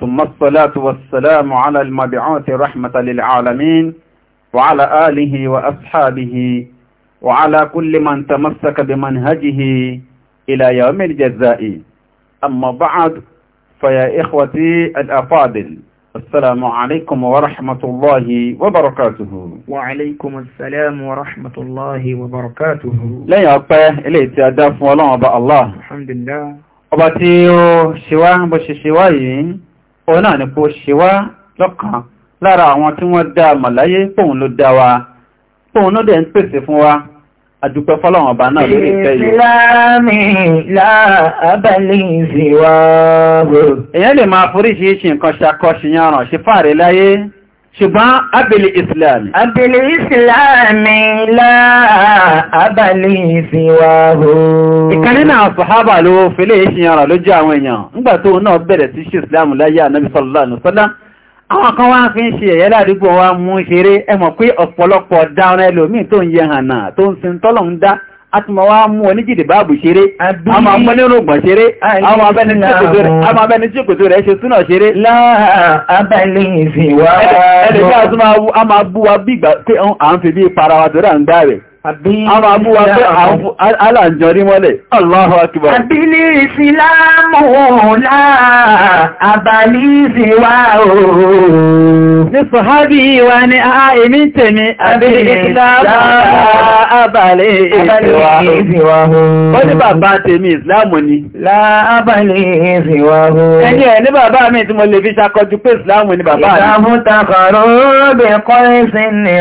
ثم الصلاة والسلام على المبعوث رحمة للعالمين وعلى آله وأصحابه وعلى كل من تمسك بمنهجه إلى يوم الجزاء أما بعد فيا إخوتي الأفاضل السلام عليكم ورحمة الله وبركاته وعليكم السلام ورحمة الله وبركاته لا يقبع إليه تأداف ولا أبا الله الحمد لله أبا تيو شواه بش شواهين òun náà ni kó ṣe wá lọ́kàn lára àwọn tí wọ́n dá màláyé pòun ló dá wa pòun ló dẹ̀ ń pèsè fún wa àdúpẹ́ fọ́lọ́wọ̀n ọba náà lórí ìfẹ́ yìí. ìsìláàmì lè máa foríṣiríṣi nǹkan ṣakọ́ṣiyàn ràn ṣe fàárẹ̀ láyé ṣùgbọ́n abèlè ìsìláàmì. abèlè ìsìláàmì láà abàlè ìsìnwáhó. ìkan nínú àwọn sàhábà ló fèlè ìṣìyànrà lójú àwọn èèyàn nígbà tó náà bẹ̀rẹ̀ sí ṣe ìsìláàmù láyé ànábì sallallahu alaihi wasallam àwọn kan wá fi ń ṣe ẹ̀yẹ́ ládùúgbò wa mú ṣeré ẹ mọ̀ a ti ma wá mú ọ ní jìdì báàbù ṣeré a ma mọ́ nínú ògbọ̀n ṣeré a ma bẹ́ni tí kòtò rẹ̀ ṣe súnà ṣeré láàbẹ̀lẹ̀ ìfìwà ẹ̀lẹ́gbẹ́ àtúnmà a ma bú wa bí ìgbà pé à ń fi bí para wa tó rà ń Àwọn abúwa pé aláàjọrí mọ́lẹ̀. Allahu akbar. Àbílì ìsìláàmù láà, àbàlì ìsìwá ooo. Ní sọ̀hábí wa ni a èmi tèmi, àbílì ìsìláàmù láà, àbàlì ìsìwá ooo. Ó ní bàbá tèmi ìsìláàmù ni. Láà, àbàlì ìsìwá ooo. Ẹni ẹ̀ ní bàbá mi tí mo lè fi ṣakọjú pé ìsìláàmù ni bàbá mi. Ìsìláàmù takọ̀rọ̀ bẹ̀kọ́ ìsìn ni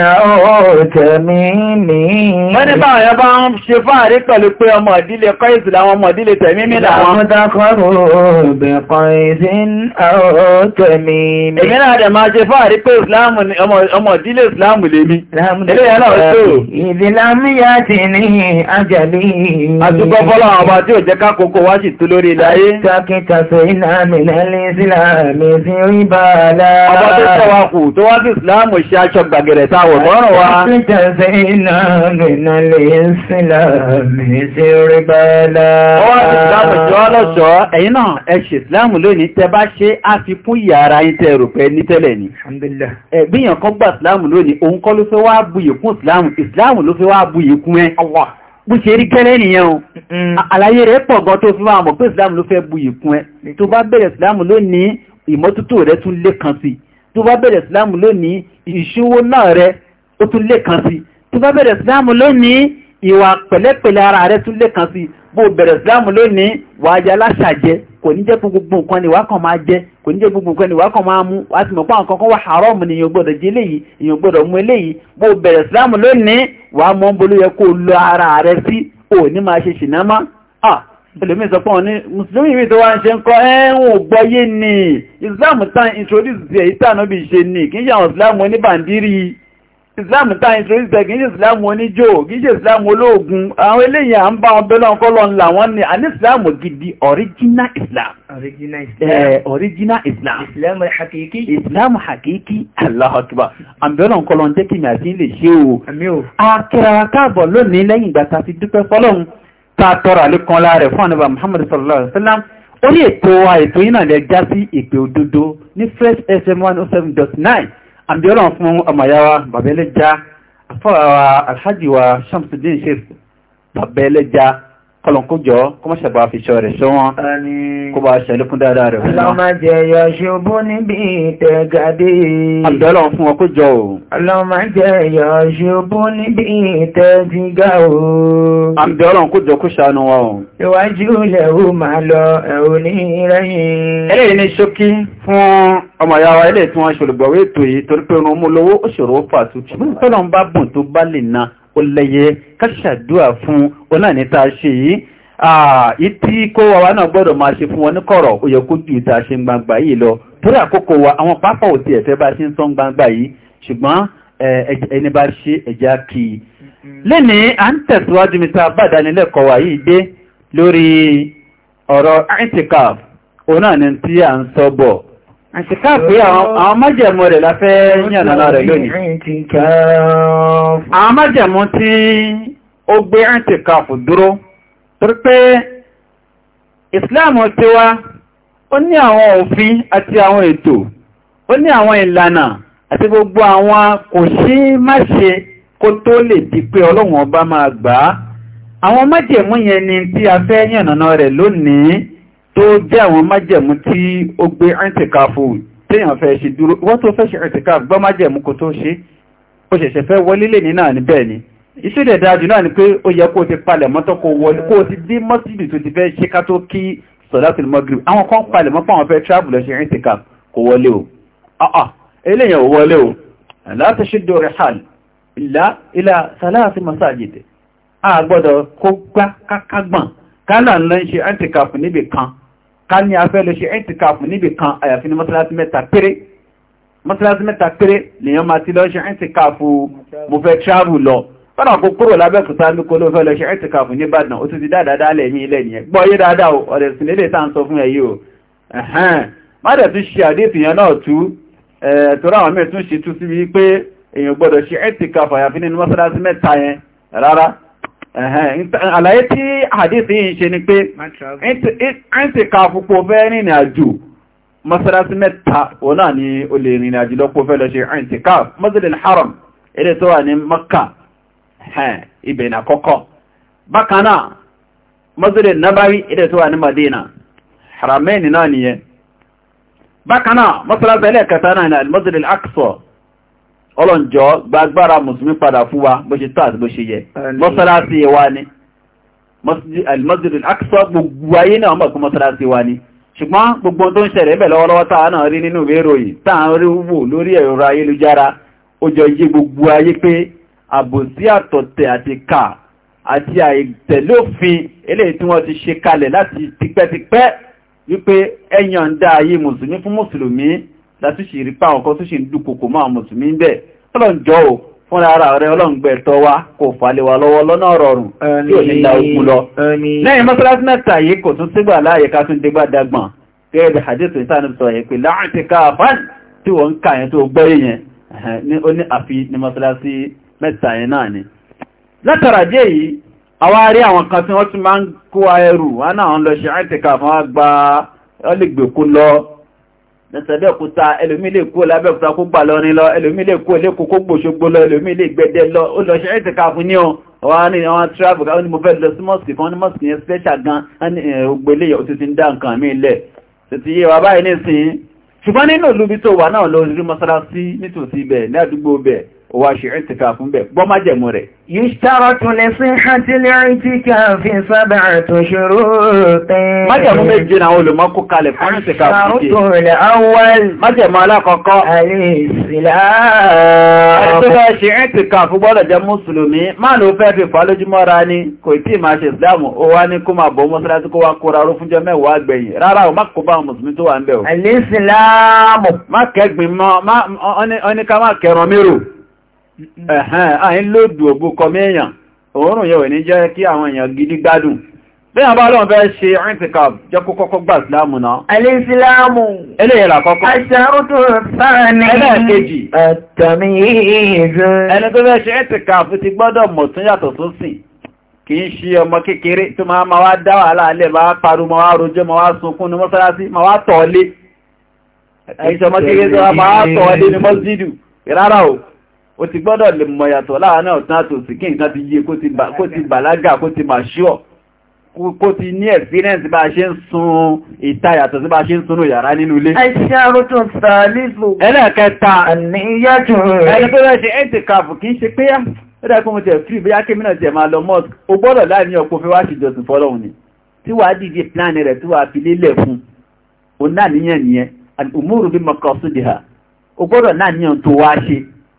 ó tẹ̀mí mi wọ́n ní bá ọ̀yọ́ bá ń ṣe fáàrí pẹ̀lú pé ọmọ ìdílé kọ́ìsì láwọn ọmọ ìdílé tẹ̀mí mi láwọn. àwọn dákọ̀rò bẹ̀ kọ́ìsì àwọn tẹ̀mí mi. èmi náà dẹ̀ máa ṣe fáàrí pé ọmọ ìdílé ìsìláàmù lèmi. ilé yẹn náà tó. ìdílámù yá ti ní àjàlí. àtúbọ̀ fọ́lọ́ àwọn ọba tí ò jẹ́ kákòókò wá sì tó lórí ilé ayé. kákíkàṣe ìlànà من الإسلام سربالا ọwọ́ ti ìsìláàmù jọ lọ́ṣọ́ ẹ̀yin náà ẹ̀ṣẹ̀ ìsìláàmù lónìí tẹ bá ṣe àfikún ìyàrá yín tẹ ni ẹ̀bíyàn kan gbà ìsìláàmù lónìí òun kọ́ ló fẹ́ wá buyì kún ìsìláàmù ìsìláàmù ló fẹ́ wá buyì kún ẹ bó ṣe rí gẹ́lẹ́ nìyẹn o àlàyé rẹ̀ pọ̀ gan tó fi máa mọ̀ pé ìsìláàmù ló fẹ́ buyì kún ẹ tó bá bẹ̀rẹ̀ ìsìláàmù lónìí ìmọ́tótó rẹ̀ tún lé kan sí tó bá bẹ̀rẹ̀ ìṣúwó náà rẹ̀ ó tún lé kan sí tí bá bẹ̀rẹ̀ sílámù lónìí ìwà pẹ̀lẹ́pẹ̀lẹ́ ara rẹ̀ tún lè kàn sí bó bẹ̀rẹ̀ sílámù lónìí wà á jẹ́ aláṣàjẹ́ kò ní jẹ́ gbogbo nǹkan ni wà kàn máa jẹ kò ní jẹ́ gbogbo nǹkan ni wà kàn máa mú wà ti mọ̀ pé àwọn wà haram ni èèyàn gbọ́dọ̀ jẹ eléyìí èèyàn gbọ́dọ̀ mú eléyìí bó bẹ̀rẹ̀ sílámù lónìí wà á mọ́ bolo yẹ kó lo ara rẹ̀ sí ò ní máa ṣe ṣìnà mọ́ ẹlòmí sọ pé ọ̀ní mùsùlùmí ìwé tó ṣe ń kọ́ ẹ̀hùn ògbọ́yé ni islam tán introduce the ìtànà bí ṣe ni kí ń ṣe àwọn islam oníbàndírí islam tá ìtòrí sẹ kìí ṣe islam oníjó kìí ṣe islam olóògùn àwọn eléyìí à ń bá wọn bẹ́lọ́ ọkọ́lọ́ ńlá wọn ni àní islam gidi original islam original islam eh, original islam islam hakiki islam hakiki Allahu Akbar àbẹ́lọ́ ọkọ́lọ́ ń jẹ́ kí mi àti lè ṣe o akẹ́rẹ́ káàbọ̀ lónìí lẹ́yìn ìgbà tá a ti dúpẹ́ fọlọ́run tá a tọrọ àlékan láàrẹ̀ fún àníbà Muhammad sallallahu alayhi wa sallam ó ní ètò àìtó yìí náà lẹ já sí ìpè òdodo ní Fresh FM one oh seven dot nine àbíọ́lọ̀ fún ọmọyáwá bàbẹ́lẹ́já afọ́ra alhaji wa Shamsuddin Sheikh bàbẹ́lẹ́já kọlọ̀kójọ́ kọmọ́ ṣẹ̀bà àfiṣọ́ rẹ̀ ṣọ́wọ́n kó bá ṣẹ̀lẹ́kún dáadáa rẹ̀ fún wọn. lọ́mọ jẹyọ ṣubú níbi ìtẹ̀gàdé. àbẹ̀lọ́ fún wọn kó jọ o. lọ́mọ jẹyọ ṣubú níbi ìtẹ̀jìgá o. àbẹ̀lọ́ kó jọ kó ṣàánú wa o. iwájú lẹ́wù máa lọ ẹ̀rù ní ìrẹ́yìn. eléyìí ní ṣókí fún ọmọ ìyá wa eléyìí tí wọ́n ṣolùgbọ̀wé ètò yìí torí pé na ó lẹ́yẹ káṣàdúà fún onáàní tá a ṣe yìí ìtí kó wa wa náà gbọ́dọ̀ máa ṣe fún wọn ní kọ̀rọ̀ ó yẹ kó ju ìta ṣe gbangba yìí lọ torí àkókò wa àwọn pápá òtí ẹ̀fẹ́ bá ṣe ń sọ ń gbangba yìí ṣùgbọ́n ẹni bá ṣe ẹ̀já kì í lẹ́ni à ń tẹ̀síwájú mi ta bàdánilẹ́kọ̀ọ́ wa yìí dé lórí ọ̀rọ̀ àìtìkà òun náà ni tí à ń sọ bọ̀ àti káàpé àwọn májẹ̀mú rẹ̀ láfẹ́ yànàlá rẹ̀ lónìí àwọn májẹ̀mú tí ó gbé ìtìkáàfù dúró torí pé ìsìláàmù tiwa ó ní àwọn òfin àti àwọn ètò ó ní àwọn ìlànà àti gbogbo àwọn kò sí máṣe kó tó lè di pé ọlọ́run ọba máa gbà àwọn májẹ̀mú yẹn ni tí a fẹ́ yànàlá rẹ̀ lónìí tó jẹ́ àwọn májẹ̀mú tí ó gbé ẹ̀ǹtìkáfù téèyàn fẹ́ ṣe dúró wọ́n tó fẹ́ ṣe ẹ̀ǹtìkáfù gbọ́ májẹ̀mú kò tó ṣe ó ṣẹ̀ṣẹ̀ fẹ́ wọlé lè ní náà níbẹ̀ ni ìṣúlẹ̀ dájú náà ni pé ó yẹ kó o ti palẹ̀ mọ́tọ́ kó wọlé kó o ti dé mọ́sídì tó ti fẹ́ ṣe ká tó kí sọ̀dátìlì mọ́gírì àwọn kan palẹ̀ mọ́ pàwọn fẹ́ travel lọ ṣe ẹ̀ǹtìkáfù kò wọlé o eléyàn ò wọlé o láti ṣídò rẹ̀ hàn ilá sàláàtì masajid a gbọ́dọ̀ kó gbá kákágbọ̀n kánà ń lọ ń ṣe ẹ̀ǹtìkáfù níbì kan ká ní afẹ́ lè ṣe ẹ́ntìkàfù níbi kan àyàfi ní mọ́sálásí mẹ́ta péré mọ́sálásí mẹ́ta péré lèyàn máa ti lọ ṣe ẹ́ntìkàfù mo fẹ́ travel lọ fọ́nà kó kúrò lábẹ́kùtà ní kó ló fẹ́ lọ ṣe ẹ́ntìkàfù ní Ìbàdàn ó ti ti dáadáa lẹ́yìn ilẹ̀ nìyẹn gbọ́ yé dáadáa o ọ̀rẹ́ sí nílé tá à ń sọ fún àlàyé tí hadith yìí ń ṣe ni pé ń ti ka fúpò fẹ́ rìnrìn àjò masalasi mẹ́ta òun náà ni o lè rìnrìn àjò lọ́pọ̀ fẹ́ lọ ṣe i'tikaf masjidil haram èdè tó wà ní makka ibẹ̀ nà kọ́kọ́ bákan náà masjidil nabawi tó wà ní madina haramẹ́ni náà ni al-masjidil aqsa ọlọ́njọ́ gbagbára mùsùlùmí padà fún wa bó ṣe tó àti bó ṣe yẹ mọ́sálásí wa ni almasjidul aqsa gbogbo ayé náà mọ̀ fún mọ́sálásí wa ni ṣùgbọ́n gbogbo tó ń ṣẹlẹ̀ bẹ̀ lọ́wọ́lọ́wọ́ táà náà rí nínú ìwé ìròyìn táà ń rí wò láti ṣì rí pàwọn kan tó ṣì ń dúkokò máa mùsùlùmí bẹ́ẹ̀ ọlọ́njọ́ ò fún ara rẹ̀ ọlọ́ngbẹ̀ tọ́ wá kò falẹ̀ wà lọ́wọ́ lọ́nà rọrùn tí ò ní la ogun lọ lẹ́yìn mọ́sálásí mẹ́ta yìí kò tún sígbà láàyè ká tún dégbà dagbọ̀n gẹ́gẹ́ bí hadith ìsáàánú sọ yẹn pé láàrín ti ká àfáàn tí wọ́n ń kà yẹn tó gbọ́ yẹn ní ó ní àfi ní mọ́sálásí mẹ́ta yẹn náà ni látara jẹ́ yìí àwọn arí àwọn kan tí wọ́n tún máa ń kó ẹrù wọn náà lọ ṣe àìtìkà fún wọn ọlẹ́gbẹ̀kú lọ nẹ́sẹ̀bẹ́ òkúta ẹlòmí lè kó lábẹ́kúta kó gbà lọ́rin lọ ẹlòmí lè kó lè kókó gbòṣogbò lọ ẹlòmí lè gbẹ́dẹ́ lọ ó lọ ṣe ẹ́tẹ̀ká fún ní ọwá ní àwọn travel ní mo fẹ́ lọ sí mọ́sùkì kan ní mọ́sùkì special gan ògbélé eh, òtítí ń dá nǹkan mi lẹ̀ títí yé wa báyìí nísìnyí ṣùgbọ́n nínú ìlú bí tó wà wa ṣe ìtìkáfù ń bẹ̀ gbọ́ má jẹ̀mú rẹ̀. yíṣtàrọ̀tún lè fi hàtílẹ̀ ìtìkáfì sábà àtúnṣòro tẹ́. májẹ̀mú méje náà olùmọ́kú kalẹ̀ fún ìtìkáfù kìí. àṣàrùtún lè awọ́l. májẹ̀mú alákọ̀ọ́kọ́. alẹ́ ìsìlá. ẹni tó fẹ́ ṣe ìtìkáfù gbọ́dọ̀ jẹ́ mùsùlùmí má ló fẹ́ fi fà lójúmọ́ ra ni kò tí ì máa o ẹ̀hẹ́n àyín lòdù ògbó kọmíyàn òórùn yẹ̀wẹ̀ ní jẹ́ kí àwọn gidi gbádùn ṣe jẹ́ kó kọ́kọ́ gbà náà kì ọmọ kékeré tó ma wá dá wàhálà máa paru ma wá rojọ́ ma wá sunkún ní ma wá tọ̀ọ́lé ẹ̀yìn kékeré tó máa tọ̀ọ́lé ní mọ́sídù ó ti gbọ́dọ̀ lè mọ̀ yàtọ̀ láàárín ọ̀tún àtòsí kí nǹkan ti yé kó ti bàlágà kó ti màṣíọ̀ kó ti ní experience bá ṣe ń sun ìta yàtọ̀ sí bá ṣe ń sunú yàrá nínú ilé. aṣáàrò tó sàálìfò. ẹlẹ́ẹ̀kẹta àníyàjò rẹ̀. ẹni tó rẹ̀ ṣe ẹ́ntìkàfù kìí ṣe pé yá ó dá kí mo tẹ̀ fíì bí yákè mìíràn tẹ̀ máa lọ mọ́ọ̀sì ó gbọ́dọ̀ láàrin ọkọ̀ fẹ́ wá ṣèjọsìn fọ́lọ́hun ni tí wàá dìde plan rẹ̀ tí wàá fi lélẹ̀ fún un náà níyàn nìyẹn umuru bí mọ̀kọ́ sódìhà ó gbọ́dọ̀ náà níyàn tó wá ṣe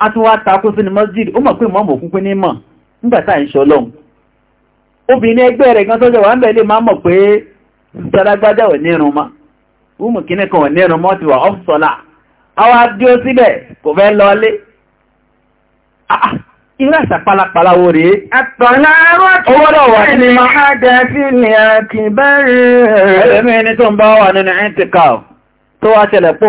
a tún sínú masjid ó mọ̀ pé mọ́mọ̀ òkún pín ní mọ̀ nígbàtà ìṣọ́lọ́n obìnrin ẹgbẹ́ rẹ̀ gan tọ́jọ́ wà ń bẹ̀ máa mọ̀ pé ìsọ́lágbájá ọmọ kìíní kan ti wà ọ́fṣọ́lá ó síbẹ̀ kò fẹ́ lọlé ah, ah, ni tó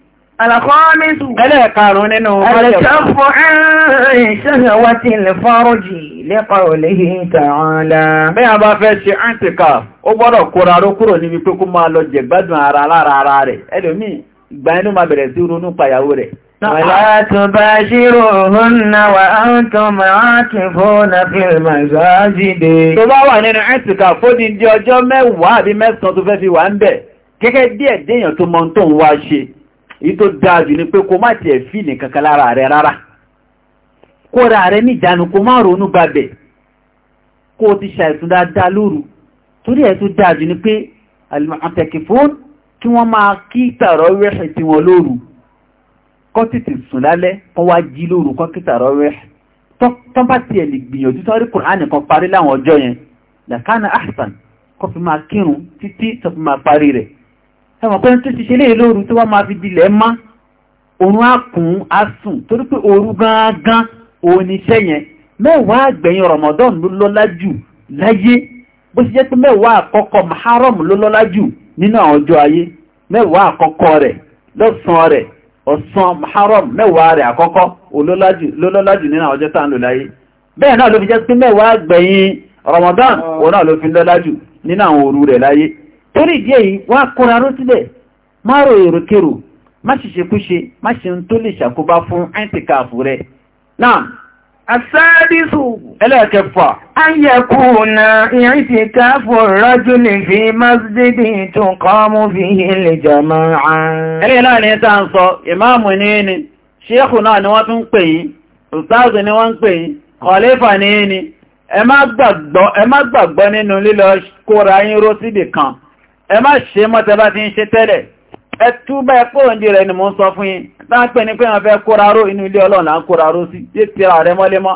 Àlàkọ́mísù. Ẹlẹ́ẹ̀karùn nínú Àlẹ́kọ́fọ́ ṣẹ́ṣẹ̀wá ti lè fọ́rọ̀jì lẹ́pa òléhì tààlà. Bí a bá fẹ́ ṣe àǹtìkà, ó gbọ́dọ̀ kóra ró kúrò níbi pé kó máa lọ jẹ̀gbádùn ara ولا تباشروهن وأنتم عاكفون في المساجد èyí tó dáa jù ni pé kó má tiẹ̀ fíìlì kankan lára rẹ rárá kóra rẹ níjànú kó má ronú gbàbẹ̀ kó o ti ṣàìsùn dáadáa lóru torí ẹ̀ tó dáa jù ni pé àtẹ̀kì fún kí wọ́n máa kí tààrọ̀ rẹ̀ tí wọ́n lóru kọ́ tètè sùn lálẹ́ kọ́ wá jí lóru kọ́ kí tààrọ̀ rẹ̀ tọ́ bá tiẹ̀ lè gbìyànjú tọ́rí kùránì kan parí láwọn ọjọ́ yẹn làkánà ahsan kọ́ fi máa kírun títí tọ́ fi máa parí rẹ̀ ẹmọ̀ pé tó ti ṣe lè lóòrùn tó wá máa fi dilẹ̀ má oòrùn àkùn asùn torí pé oòrùn gangan òun iṣẹ́ yẹn mẹ́wàá àgbẹ̀yìn Ramadan ló lọ́lá jù láyé bó ṣe jẹ́ pé mẹ́wàá àkọ́kọ́ Muharram ló lọ́lá jù nínú àwọn ọjọ́ ayé mẹ́wàá àkọ́kọ́ rẹ̀ lọ́sàn rẹ̀ ọ̀sán Muharram mẹ́wàá rẹ̀ àkọ́kọ́ olólọ́lá jù nínú àwọn ọjọ́ tá à ń lò láyé bẹ́ẹ̀ náà ló fi jẹ́ pé mẹ́wàá àgbẹ̀yìn Ramadan òun náà ló fi lọ́lá jù nínú àwọn òru rẹ̀ láyé torí ìdí èyí wá kóra ró síbẹ̀ má ro má má ṣe ń tó lè ṣàkóbá fún àìsíkàfù rẹ̀ náà asáàdìsù ẹlẹ́ẹ̀kẹfà a na lè fi masjidi tó kọ́ mú fi ilẹ̀ jọmọ́ ààrùn ẹlẹ́ láàrin ẹta ń sọ ìmáàmù ní ní ṣéèkù náà ni wọ́n tún ń pè yín ni wọ́n ń pè yín kọ̀lẹ́fà ní ẹ má nínú lílọ kóra yín ró síbì ẹ má ṣe mọ́ tẹ bá ti ń ṣe tẹ́lẹ̀ ẹ túbá ẹ kúrò ní rẹ̀ ni mo ń sọ fún yín táńpẹ́ ni pé wọ́n fẹ́ kóraró inú ilé ọlọ́run kóraró sí yé tira rẹ mọ́lé mọ́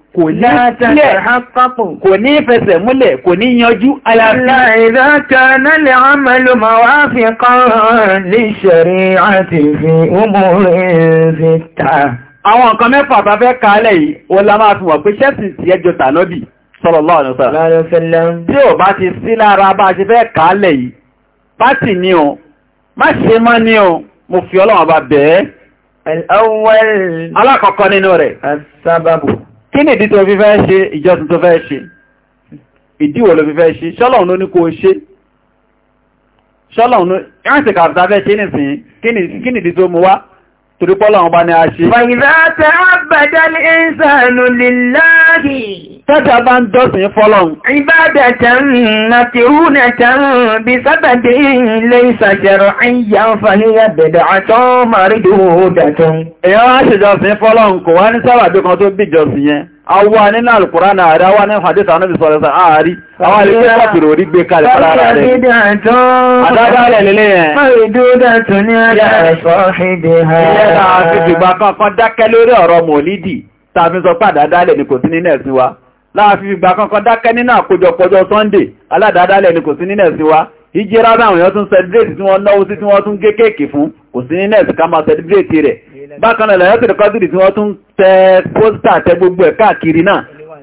kò ní sílẹ̀ kò ní fẹsẹ̀ múlẹ̀ kò ní yanjú aláàfíà. ìdá kaná lè àmàlò ma wá fi kan lè ṣẹ̀rí àti fi umùrí fi ta. àwọn nǹkan mẹ́fà bá fẹ́ kálẹ̀ yìí wọ́n la máa fi wọ̀ pé ṣẹ́sì sí ẹjọ́ tànọ́bì sallallahu alaihi wasallam. tí ò bá ti sí lára bá ṣe fẹ́ kálẹ̀ yìí pátì ni o má ṣe má ní o mo fi ọlọ́run bá bẹ̀ẹ́. alákọ̀ọ́kọ́ nínú rẹ̀. asábàbù kí ni ìdí tó fi fẹ́ ṣe ìjọsìn tó fẹ́ ṣe ìdíwọ̀ ló fi fẹ́ ṣe ṣọ́lọ̀un ló ní kó ṣe ṣọ́lọ̀un ló ìrántí kàbùtà fẹ́ ṣe nìsìn kí ni ìdí tó mú wá torí pé Ọlọ́run bá ní a ṣe. Fàyìzá tẹ àbàjá ní ìsànù lìláàrí. Tẹ́jà bá ń dọ́sìn fọ́lọ́run. Ìbádà tẹ́rù àti húnà tẹ́rù bí sábàbí ilé ìsàjẹ̀rọ̀ àyà ń fàníyà bẹ̀dẹ̀ àtọ́ màrídò dàtún. Èèyàn á ṣèjọsìn fọ́lọ́run kò wá ní sábàbí kan tó awa nínú alùkùránà àrí awa nínú hadita anábi sọ́rọ̀ sàn àárí àwọn alìkẹ́ pàtàkì orí gbé kalẹ̀ fara rẹ̀ àdádálẹ̀ lélẹ̀ yẹn ìdúdà tó ní àdáṣọ́ ìdí ha ìyẹ́ta àti kankan dákẹ́ lórí ọ̀rọ̀ mọ̀lídì tàbí sọ pàdádálẹ̀ ní kò sí nínú ẹ̀sìn wa láàfin ìgbà kankan dákẹ́ nínú àkójọpọ̀jọ Sunday aládádálẹ̀ ní kò sí nínú ẹ̀sìn wa ìjẹ́ra láwọn èèyàn tún celebrate tí wọ́n náwó sí tí wọ́n tún gé kéèkì fún kò sí nínú ẹ̀sìn ká máa celebrate rẹ̀ bákanáà lẹ́yẹ́kìrì kọ́dìrì tí wọ́n tún tẹ pósítà tẹ gbogbo ẹ̀ káàkiri náà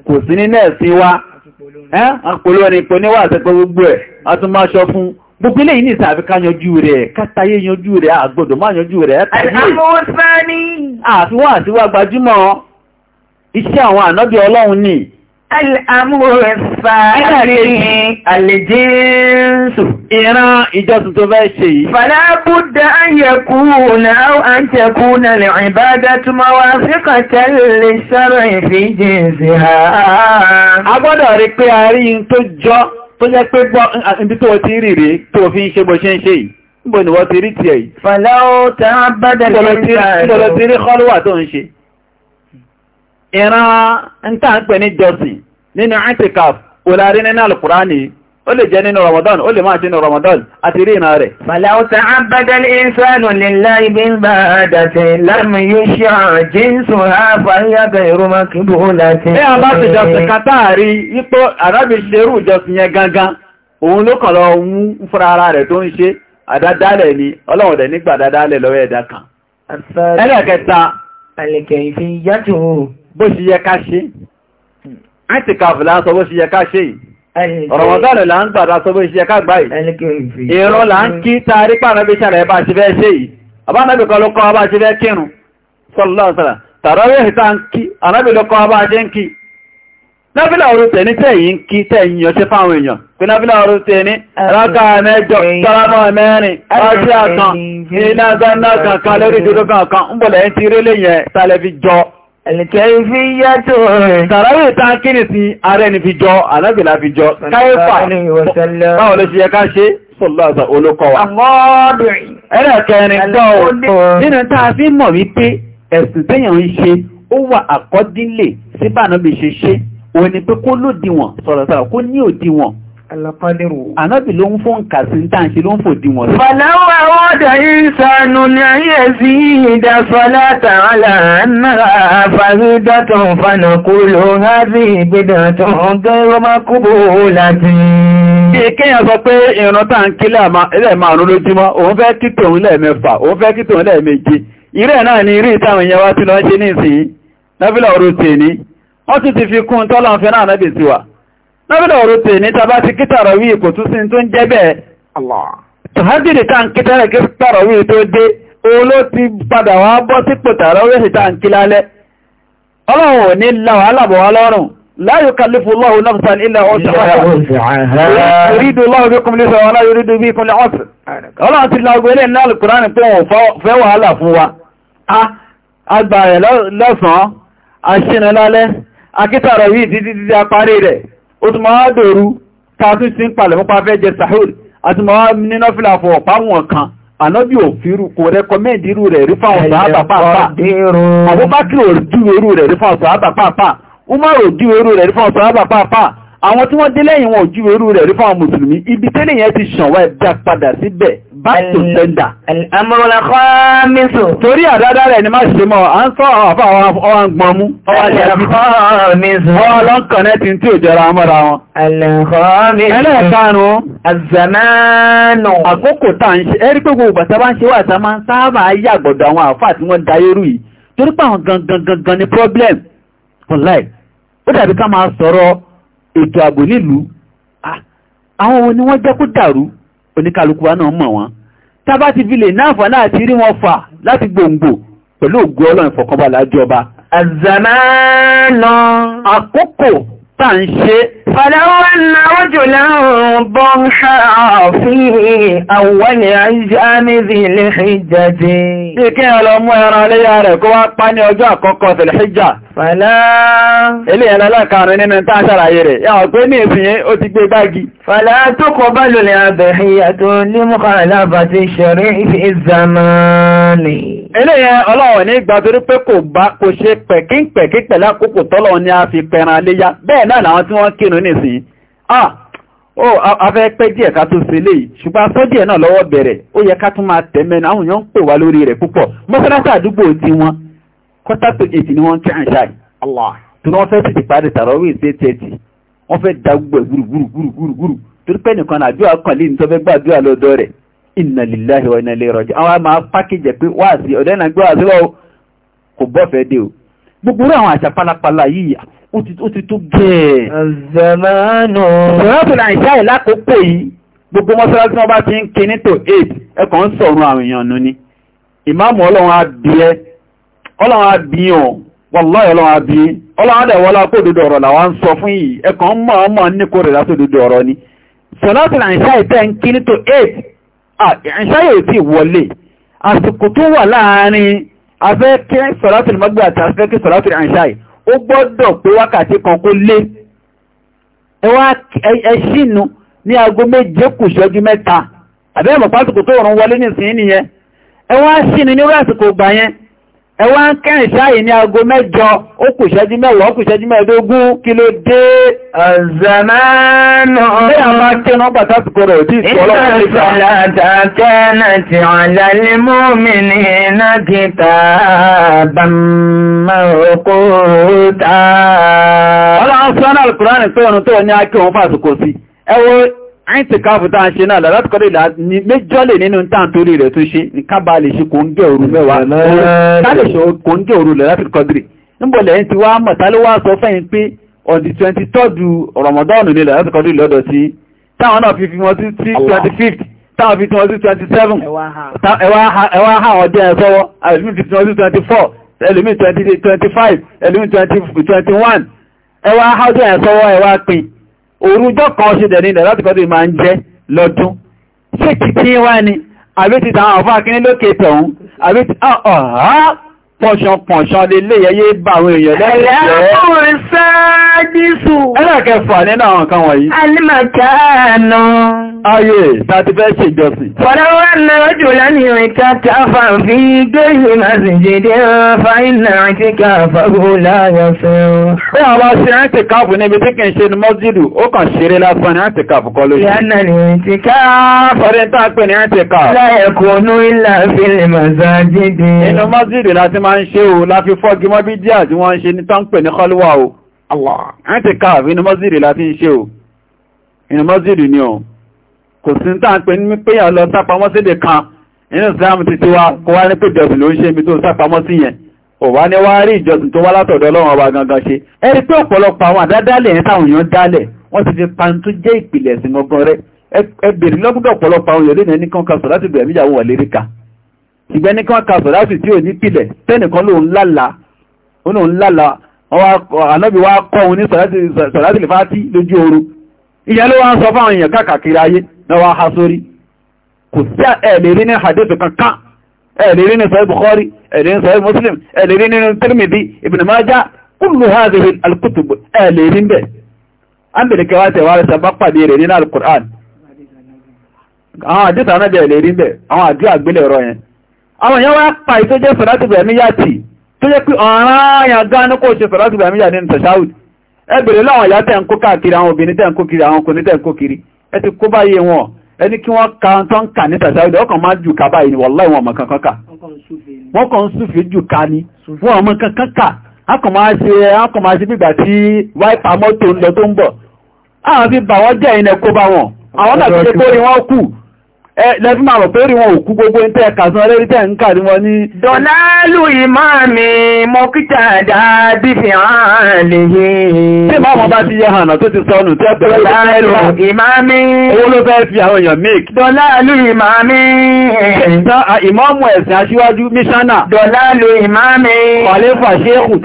kò sí ní nẹ́ẹ̀sìn wa àpòlò ẹni pé níwà àtẹ́kọ́ gbogbo ẹ̀ a tún máa ṣọ fún gbogbo eléyìí ní ìsàfi yanjú rẹ̀ kátayé yanjú rẹ̀ àgbọ̀dọ̀ má yanjú rẹ̀ àfiwọ́ àtiwá gbajúmọ̀ iṣẹ́ àwọn ànábì ọlọ́run ni Al'amúrẹ̀fàárí alìjínsù. Ìran ìjọsùn tó bẹ́ ṣe yìí. Fàlábúdá ayẹ̀kú na àjẹ̀kú na lè ìbádá tó máa wá fíkà tẹ́lẹ̀ sọ́rọ̀ ìfíjínsì ha. A gbọ́dọ̀ rí pé a rí in tó jọ tó jẹ́ pé gbọ́ ibi tó ti rí rí tó fi ṣe bó ṣe ń ṣe yìí. Níbo ni wọ́n ti rí tiẹ̀ yìí? Fàlábúdá ìran ń tà ń pè ní jọsìn nínú antikaf olari nínú alukurani ó lè jẹ́ nínú ramadan ó lè máa ṣe nínú ramadan àti rí ìran rẹ̀. falau ta'abbada al-insanu lillahi bil-ibadati lam yushra' jinsuha fa hiya ghayru maqbulatin. bí a bá ti jọsìn kan táàrí yípo àrábì ṣerú ìjọsìn yẹn gangan òun ló àdádálẹ̀ ni ọlọ́run dẹ̀ nígbà àdádálẹ̀ lọ́wọ́ ẹ̀dá kan. ẹlẹ́kẹta. àlẹ̀kẹ̀ ìfìyàtò bó ṣe yẹ ká ṣe àìtìkàfù là ń sọ bó ṣe yẹ ká ṣe yìí Rọ̀mọ̀dánù là ń gbàdá sọ bó ṣe yẹ ká gbà yìí ìrun là ń kí taari pàànàbí ṣàrẹ̀ bá ṣe fẹ́ ṣe yìí àbánàbí kọ́ ló kọ́ bá ṣe fẹ́ kírun sọ́lọ́sọ́lá tàràwé ta ń kí ànábì ló kọ́ bá ṣe ń kí náfílà òru tẹ̀ní tẹ̀yìn kí tẹ̀yìn yọ ṣe mẹ́jọ tọ́lámọ́ mẹ́rin ọjọ́ àkàn ní náà kankan lórí ìdúró kankan ń bọ̀lẹ̀ ń ti rí lè yẹn tàlẹ́bí jọ Ẹ̀lẹ̀kẹ́fí yẹ́tò rẹ̀. Tàràwì ìtàn kí ni sí ààrẹ ni fi jọ, àlábìlá fi jọ, káyẹ́fà, báwọn ló ṣe yẹ ká ṣe, sọ̀lọ́ọ̀sọ̀ olókọwà. Àmọ́bìnrin. Ẹlẹ́kẹ́rin tọ́ nínú tàà fi mọ̀ wípé ẹ̀sùn tẹ́yàn ń ṣe, ó wà àkọ́dínlẹ̀ síbànà bí ṣe ṣe, òun ni pé kó lòdìwọ̀n, sọ̀rọ̀sọ̀rọ̀ kó ní òdìwọ̀n, Alakadiru. Ànábì ló ń fún kàsí tá ń ṣe ló ń fò dí wọn. Fàláwà ọ̀dà ìsànù ni ayé sí ìdá sọ́látà aláàánà àfàrídọ́tọ̀ fanàkú ló rárí ìgbédọ̀tọ̀ gẹ́rọ má kúbò láti. Bí kéèyàn sọ pé ìran tá ń kí lẹ́ẹ̀márùn lójúmọ́, òun fẹ́ kíkì òun lẹ́ẹ̀mẹ́fà, òun fẹ́ kíkì òun lẹ́ẹ̀méje. Ìrẹ́ náà ni irú ìtàwọn ìyẹn wá tí lọ ṣe nísìnyí. Nábìlà orú tèní. Wọ́n tún ti fi kún tọ́lọ́ lọ́bílẹ̀ ọ̀rọ̀ tè ní tàbá ti kítàrọ̀ wí ipò tún sí tó ń jẹ́ bẹ́ẹ̀ tàbí tá ń kítàrọ̀ kítàrọ̀ wí tó dé oló ti padà wá bọ́ sí pòtàrọ̀ wí sí tá ń kí lálẹ́ ọlọ́run ò ní láwà alábọ̀ wá lọ́rùn la yukallifu Allahu nafsan illa wus'aha yuridu Allahu bikum al lọ́sàn-án aṣínà lálẹ́ akítàrọ̀ yìí títí títí aparí rẹ̀ ó tún máa dòru tààtù sí ń palẹ̀ mọ́pá fẹ́ jẹ sahur àti máa níná fìlà fọ̀ páwọn kan ànábì ò fírú kò rẹ́kọ́mẹ́ndì irú rẹ̀ rí fáwọn sàábà pàápàá àbúbákìrì ò dúró irú rẹ̀ rí fáwọn sàábà pàápàá umar ò dúró irú rẹ̀ rí fáwọn sàábà pàápàá àwọn tí wọ́n dé lẹ́yìn wọn ò dúró irú rẹ̀ rí fáwọn mùsùlùmí ibi tẹ́lẹ̀ yẹn ti ṣàn wá ẹ̀dá padà síbẹ̀ back to sender. Àmọ́rọ̀lá kọ́mísù. Torí àdádá rẹ̀ ni máa ṣe mọ́, a ń sọ ọ̀fà ọwà gbọmú, ọwà kọ́mísù. Ọwà lọ́nkànnẹ́ ti tí ò jẹra mọ́ra wọn. Àlẹ́kọ́mísù. Ẹlẹ́ẹ̀kanu. Àzàmánù. Àkókò tàà ń ṣe, ẹrí pé gbogbo bàtà bá ń ṣe wà gangan gangan ni problem. Wọ́láì, ó dàbí ká máa sọ̀rọ̀ ètò ààbò nílùú. Ah, àwọn wo ni wọ́n jẹ́ kó dàrú? oníkálukú wa náà mọ̀ wọ́n tábà ti fi lè náàfà náà ti rí wọn fà láti gbòǹgbò pẹ̀lú ògùn ọlọ́run fọ̀kànbalà jọba. àzàmánà àkókò tà ń ṣe. Fàdáwà na wájò láàrùn bọ́n ha àfihì àwọn àjámìzì lè hijjá jẹ. Bí kí ẹ lọ mú ẹran léyà rẹ̀ kó wá pa ní ọjọ́ àkọ́kọ́ tẹ̀lẹ̀ hijjá. Fàlá. Ilé ẹ̀lá lákàrin nínú tá a ṣàlàyé rẹ̀, yà pé ní ìfìyẹn ó ti gbé gbági. Fàlá tó kọ bá lòlẹ̀ àbẹ̀hìyà tó ní mọ́kànlábà ti ṣẹ̀rí ìfì ìzàmánì. Ilé ọlọ́wọ̀ ní ìgbà torí pé kò ṣe pẹ̀kínpẹ̀kí pẹ̀lá kókò tọ́lọ̀ ni a fi pẹran náà làwọn tí wọ́n kírun nísìn ah ó afẹ́ pẹ́ díẹ̀ ká tó ṣe léyìí ṣùgbọ́n sọ́díẹ̀ náà lọ́wọ́ bẹ̀rẹ̀ ó yẹ ká tún máa tẹ̀mẹ́nu àwọn èèyàn ń pè wá lórí rẹ̀ púpọ̀ mọ́sálásí àdúgbò tí wọ́n quarter to eight ni wọ́n ń kí àǹṣà yìí tí wọ́n fẹ́ sì ti parí tààrọ̀ wíì sí eight thirty wọ́n fẹ́ da gbogbo ẹ̀ gbúrúgbúrúgbúrú torí pé nìkan àdúrà kan lè ní tó fẹ́ gbàdúrà lọ́dọ̀ rẹ̀ inna lillahi wa inna ilayhi raji ó ti tó gẹ̀ẹ́. Àzàmánù. Ìrọ́bìnrin àìsá ìlà àkókò yìí, gbogbo mọ́sálásí wọn bá ti ń ké ní tò 8, ẹkàn ń sọ̀run àwọn èèyàn nù ni. Ìmáàmù ọlọ́run àbíẹ́, ọlọ́run àbíyàn, wọ́lọ́ ọlọ́run àbíyẹ́, ọlọ́run àdẹ̀wọ́lá kó dodo dodo ọ̀rọ̀ ni. Sọ̀lọ́bìnrin àìsá ìtẹ́ ń ké ní tò 8, àìsá yóò ti wọlé. Àsìkò tó wà láàárín afẹ́kẹ́ sọ̀lọ́bìnrin àti afẹ́kẹ́ sọ̀lọ́bìnrin ó gbọ́dọ̀ pé wákàtí kan kó lé ẹṣínú ní aago méje kù ṣẹ́jú mẹ́ta àbẹ́ẹ̀mọ̀ pásìkò tó rùn wọlé nìsín nìyẹn ẹwọ́n á ṣínú ní rásìkò gbà yẹn ẹwà ń kẹrin sáyì ní aago mẹ́jọ ó kù ìṣẹ́jú mẹ́wàá ó kù ìṣẹ́jú mẹ́ẹ̀ẹ́dógún kí ló dé ọ̀zẹ̀mẹ́nu ọ̀rẹ́ àwọn akẹ́nà pàtàkùkọ rẹ̀ tí ìṣọ́lọ́ Ọlọ́run sọ́nà alìkùránì pé ọ̀nà tó ní akẹ́ òun fàṣùkò sí. Ẹwọ́ àìntì káàfù tàà ṣe náà lára tó kọ́lé ní méjọ́lè nínú tàà torí rẹ̀ tó ṣe ní kábà lè ṣe kò ń gẹ́ òru mẹ́wàá ká lè ṣe kò ń gẹ́ òru lẹ̀ láti kọ́dìrì níbọ̀lẹ̀ ń ti wá mọ̀ tá ló wá sọ fẹ́yìn pé on the twenty third Ramadan ní láti kọ́dìrì lọ́dọ̀ sí táwọn náà fi fi wọn sí twenty fifth táwọn fi fi wọn sí twenty seven ẹwà ha ọdẹ ẹ sọwọ́ ẹlòmíì fi wọn sí twenty four ẹlòmíì twenty five ẹlòmíì twenty one ẹwà ha ọdẹ ẹ sọwọ́ ẹwà pin òrùjọ́ kan ṣe dẹ̀ nílẹ̀ láti kọ́dù máa ń jẹ́ lọ́dún ṣe kì tí wá ní àbí ti tàwọn àwọn akíní lókè tọ̀hún àbí ti ọ̀há ah, ah, ah, pọ̀ṣàn pọ̀ṣàn lè lè yẹ bá àwọn èèyàn lẹ́yìn ayé tàti fẹ́ ṣe ìjọsìn. Fọ́láwọ́ na ojú lẹ́ni ìrìnká káfà fi gbéyìn máa sì jìdí fáìnà àti káfà ó láyọ̀ fẹ́ o. Bí àwọn aṣe rántí káàfù níbi tí kìí ṣe ní mọ́sídù, ó kàn ṣeré lásán ní rántí káàfù kọ́ lóṣù. Yánà ni rántí káàfù. Fọ́dé tá a pè ní rántí káàfù. Láyẹ̀kùnú ìlà fílẹ̀ màsájídì. Inú mọ́sídù láti máa ń ṣe o, láfi fọ́gi mọ́ bí díà tí wọ́n ń ṣe ní tán pè ní kọ́lúwà o. Allah, rántí káàfù inú mọ́sídù láti ń ṣe o. Inú mọ́sídù ni o kò sí tá ń pè ní pé yàn lọ sápamọ́ síde kan nínú Islam ti ti wá kó wá ní pé jọsìn ló ń ṣe mi tó sápamọ́ sí yẹn ò wá ní wá rí ìjọsìn tó wá látọ̀dọ̀ Ọlọ́run ọba gangan ṣe ẹ̀rí pé ọ̀pọ̀lọpọ̀ àwọn àdádálẹ̀ yẹn táwọn èèyàn dálẹ̀ wọ́n ti fi pantú jẹ́ ìpìlẹ̀ sí gangan rẹ̀ ẹ bèrè lọ́gbọ́dọ̀ ọ̀pọ̀lọpọ̀ àwọn èèyàn lẹ́nu nìkan oru ìyẹn ló wá ń sọ fáwọn èèyàn káàkiri ayé náà wá ha sórí kò sí ẹ̀lẹ́rí ní hadith kankan ẹ̀lẹ́rí ní sahih bukhari ẹ̀lẹ́rí ní sahih muslim ẹ̀lẹ́rí ní tirmidhi ibn majah kullu hadhihi al-kutub ẹ̀lẹ́rí bẹ́ẹ̀ an bẹ̀rẹ̀ kẹwàá tẹ̀wàá rẹ̀ sábà pàdé rẹ̀ nínú al-qur'an àwọn àdìsá náà bẹ̀rẹ̀ lérí bẹ̀ àwọn àdí àgbélẹ̀ ọ̀rọ̀ yẹn àwọn èèyàn wá pa ìtó jẹ́ sọ̀rọ̀tìbẹ̀ níyàtì tó jẹ́ pé ọ̀ranyàn gan ní kò ṣe sọ̀rọ̀tìbẹ̀ níyàtì nínú tẹ̀sáwùd ẹ bẹ̀rẹ̀ láwọn ìyá tẹ̀ ń kó káàkiri àwọn obìnrin tẹ̀ ń kó kiri àwọn ọkùnrin tẹ̀ ń kó kiri ẹ ti kó báyé wọn ẹni kí wọ́n ka tó ń kà ní tàṣàwìdì ọkàn máa jù ká báyìí ni wàláhì wọn ọmọ kankan kà wọ́n kàn ń súfèé jù ká ni wọ́n ọmọ kankan kà á kàn máa ṣe á kàn máa ṣe bígbà tí wáìpà mọ́tò ń lọ tó ń bọ̀ àwọn fi bà wọ́n jẹ́ ìnẹ̀kó bá wọn àwọn náà ti ṣe kó rí wọn kù lẹ́fí máa rọ̀ pé rí wọn òkú gbogbo ń tẹ́ kàtún ọlẹ́rí tẹ́ ń kàrí wọn ní dọ̀lálù ìmáàmì mọ́kítà dábí fi hàn lè yé tí máa mọ́ bá ti yẹ hànà tó ti sọnù tẹ́ pẹ̀lú ìmáàmì owó ló fẹ́ fi àwọn èèyàn mìk dọ̀lálù ìmáàmì ìmáàmù ẹ̀sìn aṣíwájú míṣánà dọ̀lálù ìmáàmì kọ̀lẹ́fà ṣéèkù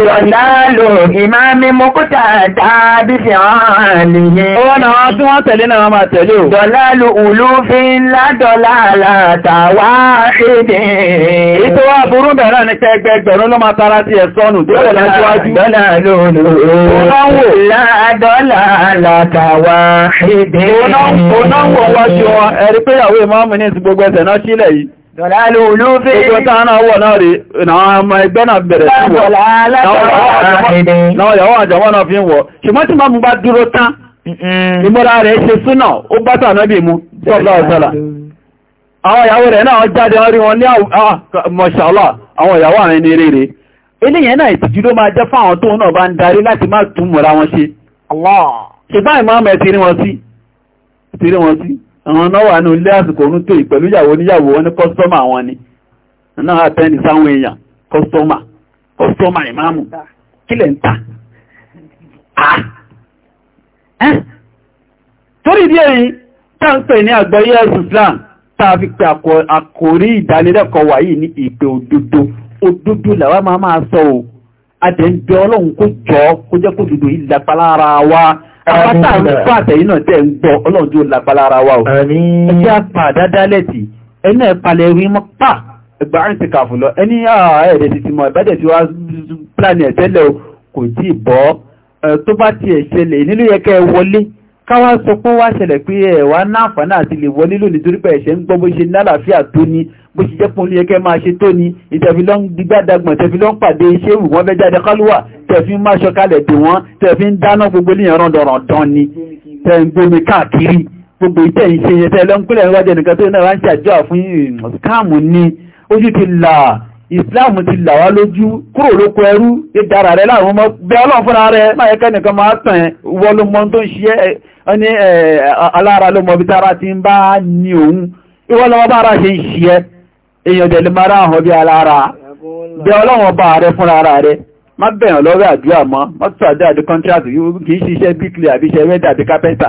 tó dọ̀láàlàtà wá ṣídì. Ètò wá burú bẹ̀rẹ̀ ní kẹgbẹgbẹ̀rún ló máa tara ti ẹ̀sọ́nù tó rẹ̀ lájúwájú. Dọ́là lóòrò. Dọ̀láàlàtà wá ṣídì. Onáwò wáṣọ ẹ̀rí pé ìyàwó ìmáàmù ní ti gbogbo ẹsẹ̀ náà sílẹ̀ yìí. Dọ̀láàlú olúfí. Ogun tán náà wọ̀ náà rí, náà ọmọ ẹgbẹ́ náà bẹ̀rẹ̀ sí wọ̀. Náà yàwó àjọwọ́ náà fi ń wọ̀. Ṣùgbọ́n tí máa mú bá dúró tán, ìmọ́ra rẹ̀ ṣe súnà, ó bá náà bí mú, àwọn ìyàwó rẹ̀ náà jáde orí wọn ní ah, mọ̀ṣàlá àwọn ìyàwó àrin ní rere eléyẹn náà ìtìjú ló máa jẹ́ fáwọn tóun náà bá ń darí láti má tún mọ̀ra wọn ṣe ṣùgbọ́n ìmọ̀ọ́mọ̀ ẹ̀ ti rí wọn sí àwọn náà wà ní ilé àsìkò orún tó ìpẹ̀lú ìyàwó oníyàwó ni náà ah! torí díẹ̀ yìí tá ní àgbọ́yé ẹ̀sùn Islam táa fi pé àkórí ìdánilẹ́kọ̀ọ́ wà yìí ní ìpè òdodo òdodo làwa máa máa sọ o adẹ̀ǹdẹ̀ ọlọ́run kó jọ kó jẹ́ kó dodo yìí lápalára wa apáta àrùkọ àtẹ̀yìn náà tẹ̀ ń gbọ́ ọlọ́run tó lápalára wa o ẹjẹ́ apá àdádálẹ̀tì ẹni náà palẹ̀ rí mọ́ pa ẹgbà ń ti kàfù lọ ẹni ẹ̀ẹ́dẹ̀ ti ti mọ ìbádẹ̀ ti wá pílánì ẹ̀tẹ́lẹ̀ o kò tí ì bọ́ tó bá tiẹ̀ ṣẹlẹ̀ nílò yẹ káwá sọ pé wá ṣẹlẹ̀ pé ẹ̀wà náàfàánà àti lè wọlé lónìí torí pé ẹ̀ṣẹ̀ ń gbọ́ bó ṣe lálàáfíà tó ní bó ṣe jẹ́ pọ́n lóyẹ́kẹ́ máa ṣe tó ní ìtẹ̀filọ́n dígbàdàgbọ̀n tẹ̀filọ́n pàdé iṣẹ́ ìwù wọ́n fẹ́jáde kálúwà tẹ̀fí máa ṣọkalẹ̀ dè wọ́n tẹ̀fí ń dáná gbogbo níyàn rọ̀ndọ̀rọ̀dán ni tẹ̀ ń gbomi káàkiri gbogbo ìtẹ̀ ìṣe yẹn tẹ̀ lọ́nkúlẹ̀ níwájú ẹnìkan tó náà wá ń ṣàjọ́ àfún káàmù ni ojú ti là ìsìláàmù ti là wá lójú kúrò lóko ẹrú ìdára rẹ láwọn ọmọ bẹ́ẹ̀ ọlọ́run fúnra rẹ máa yẹ kẹ́nìkan máa tàn wọ́n ló mọ́ tó ń ṣe wọ́n ní alára ló mọ̀bí tára ti ń bá ní òun ìwọ́n lọ́wọ́ ṣe ń ṣe ẹ́ èèyàn lè máa rá àwọn bí alára bẹ ọlọ́wọ́n bá rẹ ara rẹ má bẹ̀yàn lọ́wọ́ àdúrà mọ́ mọ́tò àdúrà di kìí ṣiṣẹ́ bíkìlì àbíṣẹ́ wẹ́dà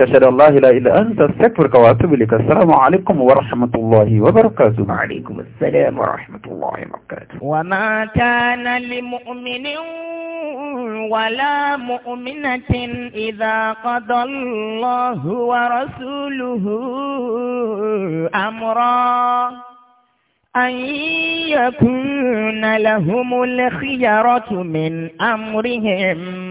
أشهد أن لا إله إلا أنت أستغفرك وأتوب إليك السلام عليكم ورحمة الله وبركاته وعليكم السلام ورحمة الله وبركاته وما كان لمؤمن ولا مؤمنة إذا قضى الله ورسوله أمرا أن يكون لهم الخيرة من أمرهم